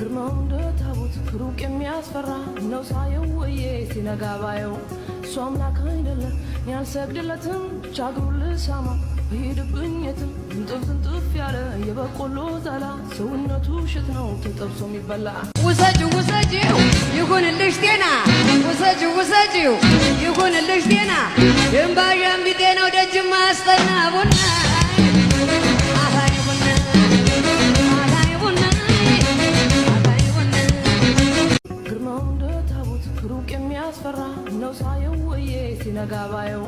ግርማው እንደ ታቦት ሩቅ የሚያስፈራ ነው ሳየው ወዬ ሲነጋ ባየው እሱ አምላክ አይደለም ያልሰግድለትም ብቻ እግሩን ልሳማ ብሄድብኝትም እንጥፍ እንጥፍ ያለ የበቆሎ ዛላ ሰውነቱ ሽት ነው ተጠብሶ የሚበላ ውሰጅ ውሰጂው ይሁንልሽ ጤና ውሰጅ ውሰጂው ይሁንልሽ ጤና ድንባዣም ቢጤ ነው ደጅማ አስጠና ቡና የሚያስፈራ ነው ሳየው ወዬ ሲነጋ ባየው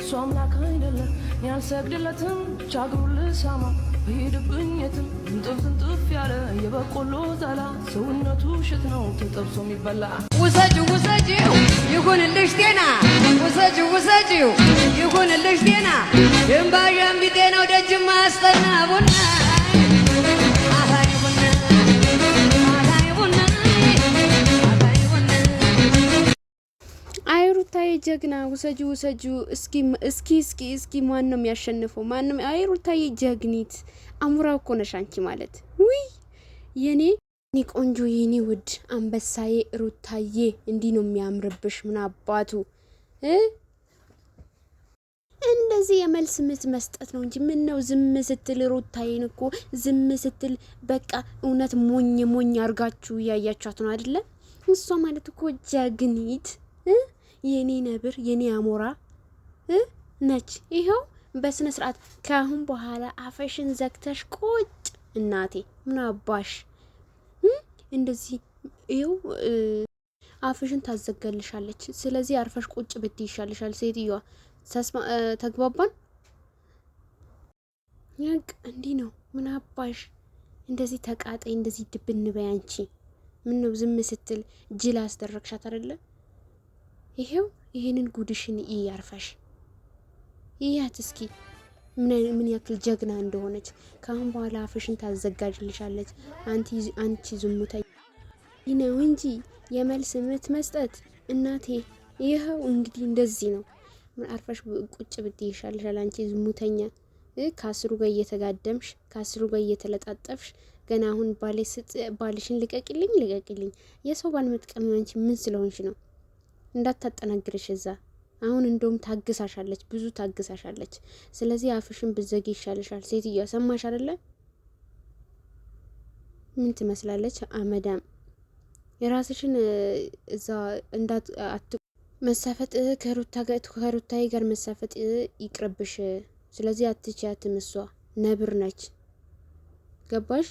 እሱ አምላክ አይደለም ያልሰግድለትም ቻግሩ ልሳማ በሄድብኝ የትም እንጥፍ እንጥፍ ያለ የበቆሎ ዛላ ሰውነቱ ሽት ነው ተጠብሶ የሚበላ ውሰጅ ውሰጂው ይሁንልሽ ጤና ውሰጅ ውሰጂው ይሁንልሽ ጤና ድንባዣም ቢጤ ነው ደጅ ማያስጠና ቡና ሩታዬ ጀግና ውሰጁ ውሰጁ፣ እስኪ እስኪ እስኪ እስኪ ማን ነው የሚያሸንፈው? ነው? አይ ሩታዬ ጀግኒት አሙራ እኮ ነሽ አንቺ ማለት ውይ የኔ ኒ ቆንጆ የኔ ውድ አንበሳዬ ሩታዬ እንዲህ ነው የሚያምርብሽ። ምን አባቱ እንደዚህ የመልስ ምት መስጠት ነው እንጂ ምን ነው ዝም ስትል ሩታዬን እኮ ዝም ስትል በቃ እውነት ሞኝ ሞኝ አድርጋችሁ እያያችኋት ነው አይደለም? እሷ ማለት እኮ ጀግኒት የኔ ነብር የኔ አሞራ ነች። ይኸው በስነ ስርዓት ከአሁን በኋላ አፈሽን ዘግተሽ ቁጭ እናቴ። ምን አባሽ እንደዚህ ይኸው አፍሽን ታዘጋልሻለች። ስለዚህ አርፈሽ ቁጭ ብት ይሻልሻል። ሴትዮዋ ተግባባን። ያቅ እንዲህ ነው። ምን አባሽ እንደዚህ ተቃጣይ፣ እንደዚህ ድብን በይ አንቺ። ምን ነው ዝም ስትል ጅል አስደረግሻት አይደለም ይሄው ይሄንን ጉድሽን ይ ያርፈሽ ይያት እስኪ ምን ያክል ጀግና እንደሆነች። ከአሁን በኋላ አፍሽን ታዘጋጅልሻለች። አንቺ ዝሙታ ነው እንጂ የመልስ ምት መስጠት እናቴ። ይኸው እንግዲህ እንደዚህ ነው። ምን አርፈሽ ቁጭ ብት ይሻልሻል። አንቺ ዝሙተኛ ከአስሩ ጋር እየተጋደምሽ ከአስሩ ጋር እየተለጣጠፍሽ ገና አሁን ባሌ ስጥ ባልሽን ልቀቂልኝ፣ ልቀቂልኝ። የሰው ባል መጥቀሚ አንቺ ምን ስለሆንሽ ነው? እንዳታጠናግርሽ እዛ አሁን እንደውም ታግሳሻለች፣ ብዙ ታግሳሻለች። ስለዚህ አፍሽን ብዘጊ ይሻልሻል። ሴትዮ ሰማሽ አይደለ? ምን ትመስላለች አመዳም። የራስሽን እዛ እንዳት መሳፈጥ ከሩታ ከሩታዬ ጋር መሳፈጥ ይቅርብሽ። ስለዚህ አትችያትም፣ እሷ ነብር ነች። ገባሽ?